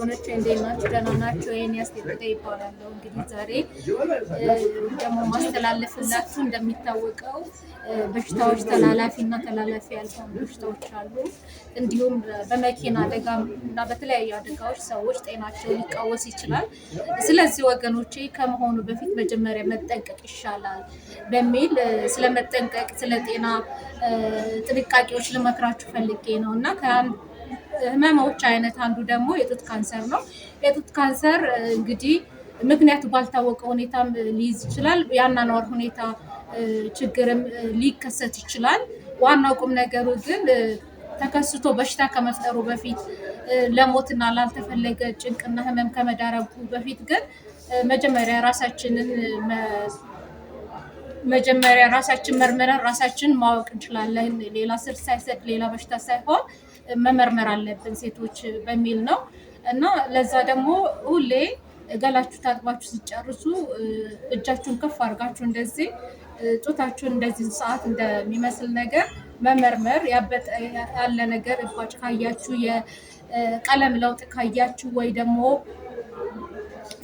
ወገኖች እንዴት ናችሁ? ደህና ናቸው። ይህን ያስቴጥታ ይባላለሁ። እንግዲህ ዛሬ ደግሞ ማስተላለፍላችሁ እንደሚታወቀው በሽታዎች ተላላፊ እና ተላላፊ ያልሆኑ በሽታዎች አሉ። እንዲሁም በመኪና አደጋ እና በተለያዩ አደጋዎች ሰዎች ጤናቸው ሊቃወስ ይችላል። ስለዚህ ወገኖቼ ከመሆኑ በፊት መጀመሪያ መጠንቀቅ ይሻላል በሚል ስለመጠንቀቅ ስለ ጤና ጥንቃቄዎች ልመክራችሁ ፈልጌ ነው እና ህመሞች አይነት አንዱ ደግሞ የጡት ካንሰር ነው። የጡት ካንሰር እንግዲህ ምክንያቱ ባልታወቀ ሁኔታም ሊይዝ ይችላል። የአኗኗር ሁኔታ ችግርም ሊከሰት ይችላል። ዋናው ቁም ነገሩ ግን ተከስቶ በሽታ ከመፍጠሩ በፊት ለሞትና ላልተፈለገ ጭንቅና ህመም ከመዳረጉ በፊት ግን መጀመሪያ ራሳችንን መጀመሪያ ራሳችን መርምረን ራሳችን ማወቅ እንችላለን። ሌላ ስር ሳይሰድ ሌላ በሽታ ሳይሆን መመርመር አለብን ሴቶች በሚል ነው እና ለዛ ደግሞ ሁሌ ገላችሁ ታጥባችሁ ሲጨርሱ እጃችሁን ከፍ አድርጋችሁ እንደዚህ ጡታችሁን እንደዚህ ሰዓት እንደሚመስል ነገር መመርመር ያበጠ ያለ ነገር እባጭ ካያችሁ፣ የቀለም ለውጥ ካያችሁ ወይ ደግሞ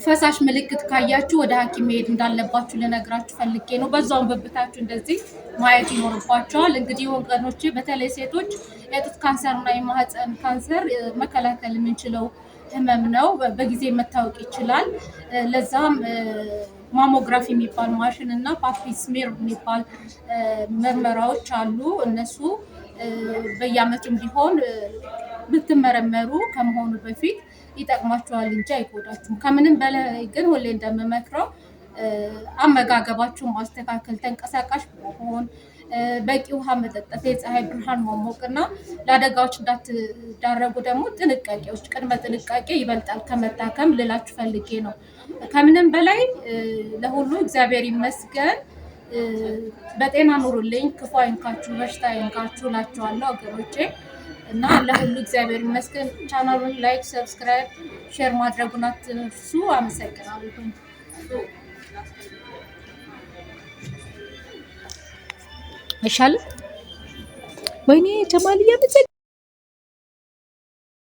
ፈሳሽ ምልክት ካያችሁ ወደ ሐኪም መሄድ እንዳለባችሁ ልነግራችሁ ፈልጌ ነው። በዛውን ብብታችሁ እንደዚህ ማየት ይኖርባቸዋል። እንግዲህ ወገኖች፣ በተለይ ሴቶች የጡት ካንሰር ካንሰርና የማህፀን ካንሰር መከላከል የምንችለው ህመም ነው። በጊዜ መታወቅ ይችላል። ለዛም ማሞግራፊ የሚባል ማሽን እና ፓፒስሜር የሚባል ምርመራዎች አሉ። እነሱ በየአመቱም ቢሆን ብትመረመሩ ከመሆኑ በፊት ይጠቅማችኋል እንጂ አይጎዳችሁም። ከምንም በላይ ግን ሁሌ እንደምመክረው አመጋገባችሁን ማስተካከል፣ ተንቀሳቃሽ መሆን፣ በቂ ውሃ መጠጣት፣ የፀሐይ ብርሃን መሞቅና ለአደጋዎች እንዳትዳረጉ ደግሞ ጥንቃቄዎች፣ ቅድመ ጥንቃቄ ይበልጣል ከመታከም ልላችሁ ፈልጌ ነው። ከምንም በላይ ለሁሉ እግዚአብሔር ይመስገን። በጤና ኑሩልኝ፣ ክፉ አይንካችሁ፣ በሽታ አይንካችሁ እላችኋለሁ አገሮቼ። እና ለሁሉ እግዚአብሔር ይመስገን። ቻናሉን ላይክ፣ ሰብስክራይብ፣ ሼር ማድረጉን አትርሱ። አመሰግናለሁ። ይሻል። ወይኔ ተማሪ